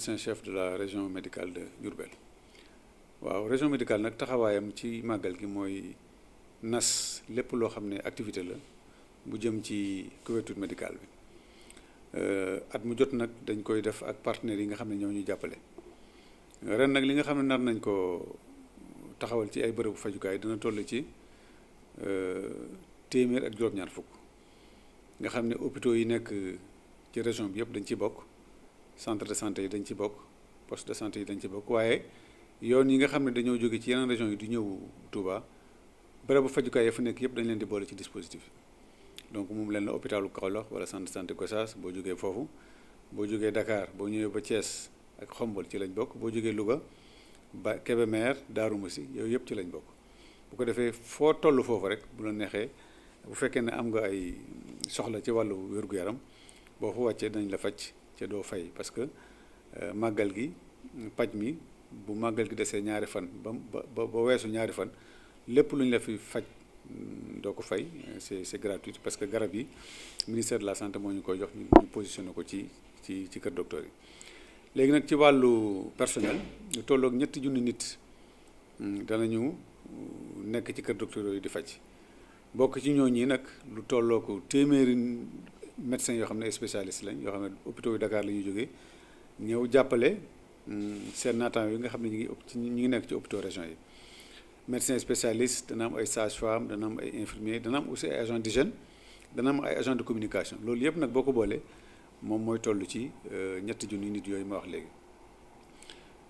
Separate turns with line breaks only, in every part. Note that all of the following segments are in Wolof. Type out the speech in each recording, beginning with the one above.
médecin chef de la région médicale de Diourbel waaw région médicale nag taxawaayam ci màggal gi mooy nas lépp loo xam ne activité la bu jëm ci couverture médicale bi euh, at mu jot nag dañ koy def ak partenaires yi nga xam ne ñoo ñu jàppale ren nag li nga xam ne nar nañ ko taxawal ci ay bërëbu fajukaay dina toll ci euh, téeméer ak juróom-ñaar fukk nga xam ne hôpitaux yi nekk ci région bi yëpp dañ ciy bokk centre de santé yi dañ ci bokk poste de santé yi dañ ci bokk waaye yoon yi nga xam ne dañoo jóge ci yeneen région yi du ñëw Touba bërëbu fajukaay ya fu nekk yëpp dañu leen di boole ci dispositif donc moom leen la hôpitalu Kaolack wala centre de santé Gossas boo jógee foofu boo jógee dakaar boo ñëwee ba Thiès ak Xombol ci lañ bokk boo jógee Louga ba Kébémer Darou Moussi yooyu yëpp ci lañ bokk bu ko defee foo toll foofu rek bu la neexee bu fekkee ne am nga ay soxla ci wàllu wér yaram boo fa wàccee dañ la faj ca doo fay parce que euh, màggal gi paj mi bu màggal gi desee ñaari fan ba ba ba weesu ñaari fan lépp lu ñu la fi faj mm, doo ko fay euh, c'est c'est gratuit parce que garab yi ministère de la santé moo ñu koy jox ñu positionné ko ci ci ci kër doctor yi léegi nag ci wàllu personnel lu tollook ñetti junni nit dana mm, danañu nekk ci kër docteur yi di faj bokk ci ñooñi nag lu tolloo ko téeméeri médecins yoo xam ne spécialiste lañ yoo xam ne hôpitaux yu Dakar la ñuy ñëw jàppale mm, seen naataango yi nga xam ne ñu ngi ci ñu ngi nekk ci hôpitaux région yi médecin spécialiste dana am ay sage-femme dana am ay infirmier dana am aussi ay agent d'hygiène am ay agent de communication loolu yëpp nag boo ko boolee moom mooy toll ci euh, ñett junni nit yooyu ma wax léegi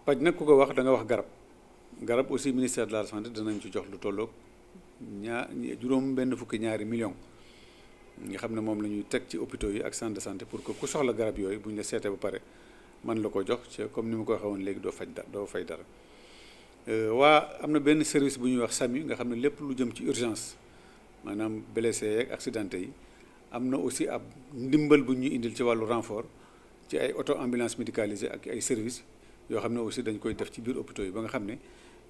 paj nag ku ko wax da nga wax garab garab aussi ministère de la santé danañ ci jox lu tolloog ñaar juróom benn fukki ñaari millions nga xam ne moom la ñuy teg ci opito yi ak centre santé pour que ku soxla garab yooyu bu ñu la seetee ba pare man la ko jox ci comme ni ma ko waxee woon léegi doo faj da doo fay dara euh, waa am na benn service bu ñuy wax SAMU nga xam ne lépp lu jëm ci urgence maanaam blessé yeeg accidenté yi am na aussi ab ndimbal bu ñu indil ci wàllu renfort ci ay auto ambulance médicalisée ak ay services yoo xam ne aussi dañ koy def ci biir opito yi ba nga xam ne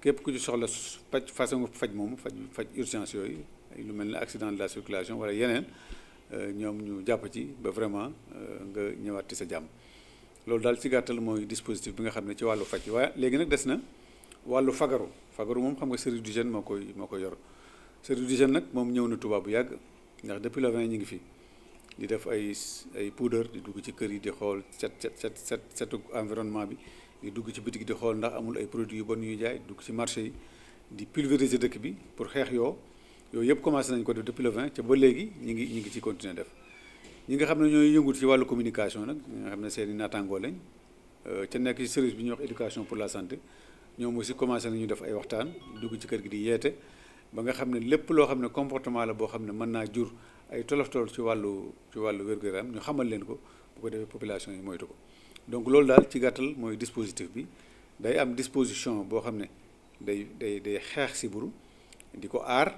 képp ku ci soxla faj façon faj moom faj faj urgence yooyu lu mel ne accident la circulation wala yeneen Euh, ñoom ñu jàpp ci ba vraiment euh, nga ñëwaat ci sa jàmm loolu daal ci gàttal mooy dispositif bi nga xam ne ci wàllu faj waaye léegi nag des na wàllu fagaru fagaru moom xam nga service d'hygiène moo koy moo koy yor service d'hygiène nag moom ñëw na Touba bu yàgg ndax depuis le 20 ñu ngi fii di def ay ay poudre di dugg ci kër yi di xool set set set set setu environnement bi di dugg ci bitig di xool ndax amul ay produits yu bon yu jaay di dugg ci marché yi di pulvériser dëkk bi pour xeex yoo yooyu yëpp commencé nañ ko def depuis le 20 ca ba léegi ñi ngi ñi ngi ci continuer def ñi nga xam ne ñooy yëngut ci wàllu communication nag ñi nga xam ne seeni naataangoo lañ euh, ca nekk ci service bi ñuy wax éducation pour la santé ñoom aussi commencé nañu def ay waxtaan dugg ci kër gi di yeete ba nga xam ne lépp loo xam ne comportement la boo xam ne mën naa jur ay tolof tolof ci wàllu ci wàllu wér-gu-yaram ñu xamal leen ko bu ko defee population yi moytu ko donc loolu daal ci gàttal mooy dispositif bi day am disposition boo xam ne day day day xeex sibbiru di ko aar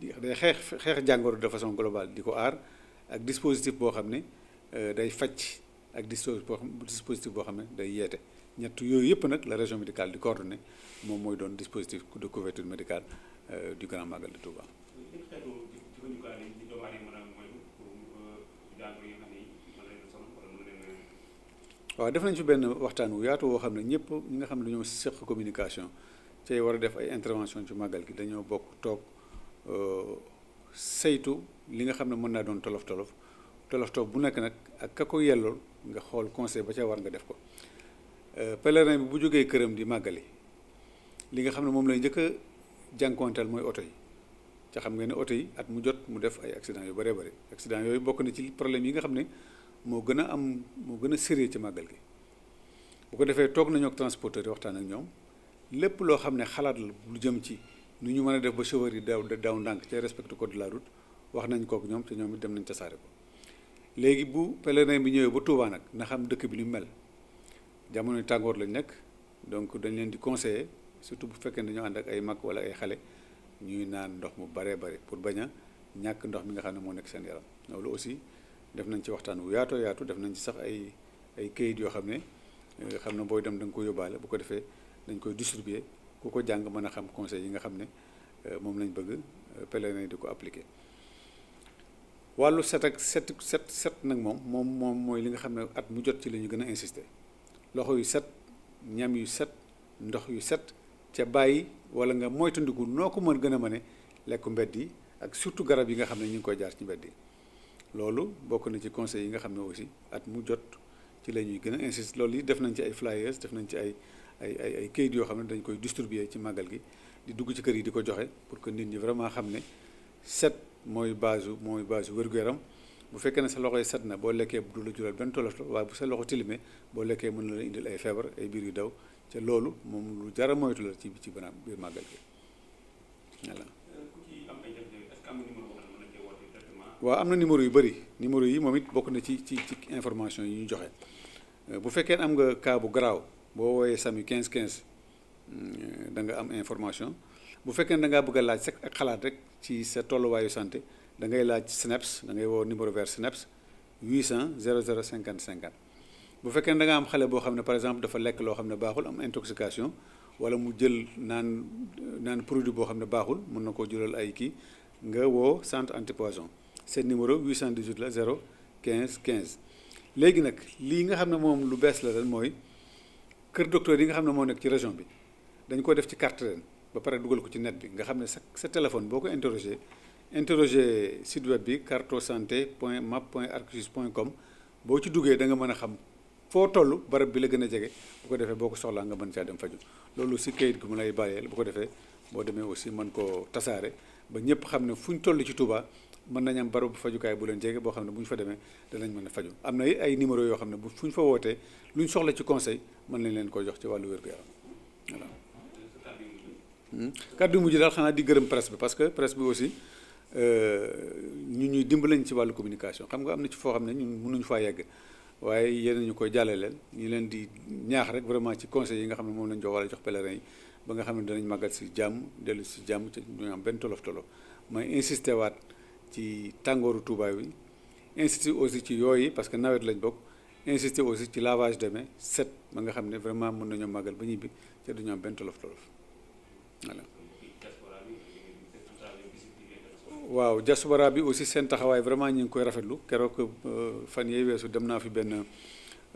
day xeex xeex jàngoro de façon globale di ko aar ak dispositif boo xam ne euh, day faj ak dispositif boo xam ne day yeete ñett yooyu yëpp nag la région médicale di coordonné moom mooy doon dispositif de couverture médicale euh, du Grand Magal de Touba. Euh, waaw def nañ fi benn waxtaan wu yaatu woo xam ne ñëpp ñi nga xam ne dañoo seq communication cay war a def ay intervention ci màggal gi dañoo bokk toog. Euh, saytu li nga xam ne mën naa doon tolof tolof tolof tolof bu nekk nag ak ka ko yellool nga xool conseil ba ca war nga def ko euh, pelerin bi bu jógee këram di màggale li nga xam ne moom lay njëkk a jànkonteel mooy oto yi ca xam ngeen ne oto yi at mu jot mu def ay accident yu bëree bëri accident yooyu bokk na ci problème yi nga xam ne moo gën a am moo gën a sérieux ci màggal gi bu ko defee toog nañu ak transporteur yi waxtaan ak ñoom lépp loo xam ne xalaat lu jëm ci nu ñu mën a def ba chauffeur yi daw daw ndànk cay respecté code de la route wax nañ kook ñoom te ñoom it dem nañ tasaare ko léegi bu pèlerin bi ñëwee ba Touba nag na xam dëkk bi ni mel jamono tàngoor lañ nekk donc dañ leen di conseiller surtout bu fekkee dañoo ànd ak ay mag wala ay xale ñuy naan ndox mu baree bare pour bañ a ñàkk ndox mi nga xam ne moo nekk seen yaram loolu aussi def nañ ci waxtaan wu yaatoo yaatu def nañ ci sax ay ay kayit yoo xam ne euh, xam na booy dem da ko yóbbaale bu ko defee dañ koy distribuer ku ko jàng mën a xam conseil yi nga xam ne euh, moom lañu bëgg euh, pèlerin di ko appliquer wàllu set ak set set nag moom moom moom mooy li nga xam ne at mu jot ci la ñu gën a insister loxo yu set ñam yu set ndox yu set ca bàyyi wala nga moytandiku noo ko mën gën a mëne lekku mbedd yi ak surtout garab yi nga xam ne ñu ngi koy jaar ci mbedd yi loolu bokk na ci conseil yi nga xam ne aussi at mu jot ci la ñuy gën a insister loolu yi def nañ ci ay flyers def nañ ci ay ay ay ay kayit yoo xam ne dañ koy distribuer ci màggal gi di dugg ci kër yi di ko joxe pour que nit ñi vraiment xam ne set mooy base mooy base wér-gu-yaram bu fekkee ne sa loxo yi set na boo lekkee du la jural benn tolof waaye bu sa loxo tilimee boo lekkee mën na la ay feebar ay biir yu daw te loolu moom jara moytu la ci ci banaam biir màggal gi voilà. am na numéro yu bëri numéro yi moom it bokk na ci ci ci information yi ñu joxe euh, bu fekkee am nga cas bu garaaw. boo wooyee sami quinze 15 mm, danga am information bu fekkee na da ngaa bëgg a laaj sa ak xalaat rek ci sa tolluwaayu santé dangay ngay laaj SNEPS da ngay woo numéro vert SNEPS 800 00 50 cinquante bu fekkee ne da nga am xale boo xam ne par exemple dafa lekk loo xam ne baaxul am intoxication wala mu jël naan naan produit boo xam ne baaxul mun na koo jural ay kii nga woo centre antipoison seen numéro 818 la 0 15 15 léegi nag lii nga xam ne moom lu bees la ren mooy. kër docteur yi nga xam ne moo nekk ci région bi dañ ko def ci carte ren ba pare dugal ko ci net bi nga xam ne sa sa téléphone boo ko interroger interroger site web bi carto santé point map point arcus point com boo ci duggee da nga mën a xam foo toll barab bi la gën a jege bu ko defee boo ko soxlaa nga mën caa dem faju loolu si kayit gu mu lay la bu ko defee boo demee aussi man koo tasaare ba ñëpp xam ne fu ñu toll ci Touba mën nañ am barabu fajukaay bu leen jege boo xam ne bu ñu fa demee danañ mën a faju am na ay numéro yoo xam ne bu fu ñu fa wootee lu ñu soxla ci conseil mën nañ leen ko jox ci wàllu wér-gu-yaram voilà. Hmm? kàddu mujj daal di gërëm presse parce que presse bi aussi euh, ñu ñuy dimbalañ ci wàllu communication xam nga am na ci foo xam ne ñun mënuñu faa yegg waaye yéen ñu koy jàllaleel ñu leen di ñaax rek vraiment ci conseil yi nga xam ne moom lañ jox wala jox pèlerin yi ba nga xam ne danañ màggal si jàmm dellu si jàmm ci du ñu am benn tolof tolof may insister waat ci tàngooru Touba bi insister aussi ci yooyu parce que nawet lañ bokk insister aussi ci lavage de mains set ba nga xam ne vraiment mën nañoo màggal ba ñibbi te du am benn tolof tolof voilà. waaw diaspora bi aussi seen taxawaay vraiment ñu ngi koy rafetlu keroog euh, fan yee weesu dem naa fi benn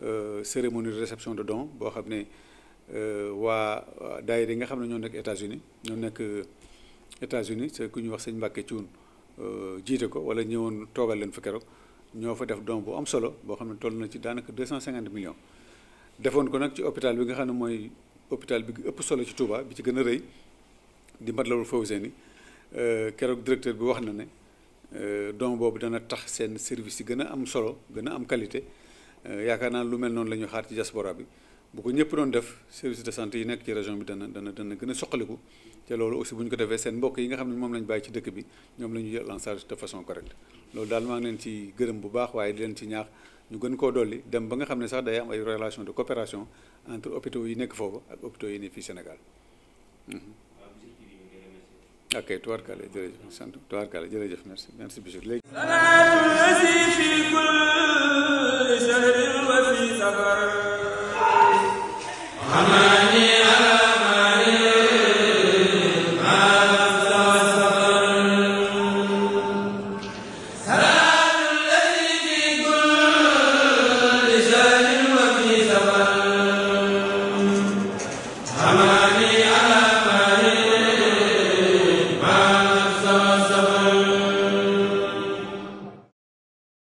euh, cérémonie de réception de dons boo xam ne. Euh, waa daayira yi nga xam ne ñoo nekk États-Unis ñoo nekk euh, États-Unis c'est ku ñu wax sëñ Mbàkke Cuun euh, jiite ko wala ñëwoon toogal leen fa keroog ñoo fa def doom bu am solo boo xam ne toll na ci daanaka deux cent cinquante millions defoon ko nag ci hôpital bi nga xam ne mooy hôpital bi ëpp solo ci Touba bi ci gën a rëy di Matlaboul Fawzeyni keroog directeur bi wax na ne doom boobu dana tax seen service yi gën a am solo gën a am qualité yaakaar naa lu mel noonu la ñuy xaar ci diaspora bi bu ko ñëpp doon def service de santé yi nekk ci région bi dana dana dana gën a soqaliku te loolu aussi bu ñu ko defee seen mbokk yi nga xam ne moom lañ bàyyi ci dëkk bi ñoom la ñu jël en charge de façon correcte loolu daal maa ngi leen ci gërëm bu baax waaye di leen ci ñaax ñu gën koo dolli dem ba nga xam ne sax day am ay relation de coopération entre hôpitaux yi nekk foofu ak hôpitaux yi nekk fii Sénégal. Mm-hmm. ok tubaarkàlla jërëjëf sant tubaarkàlla jërëjëf merci merci Bichri léegi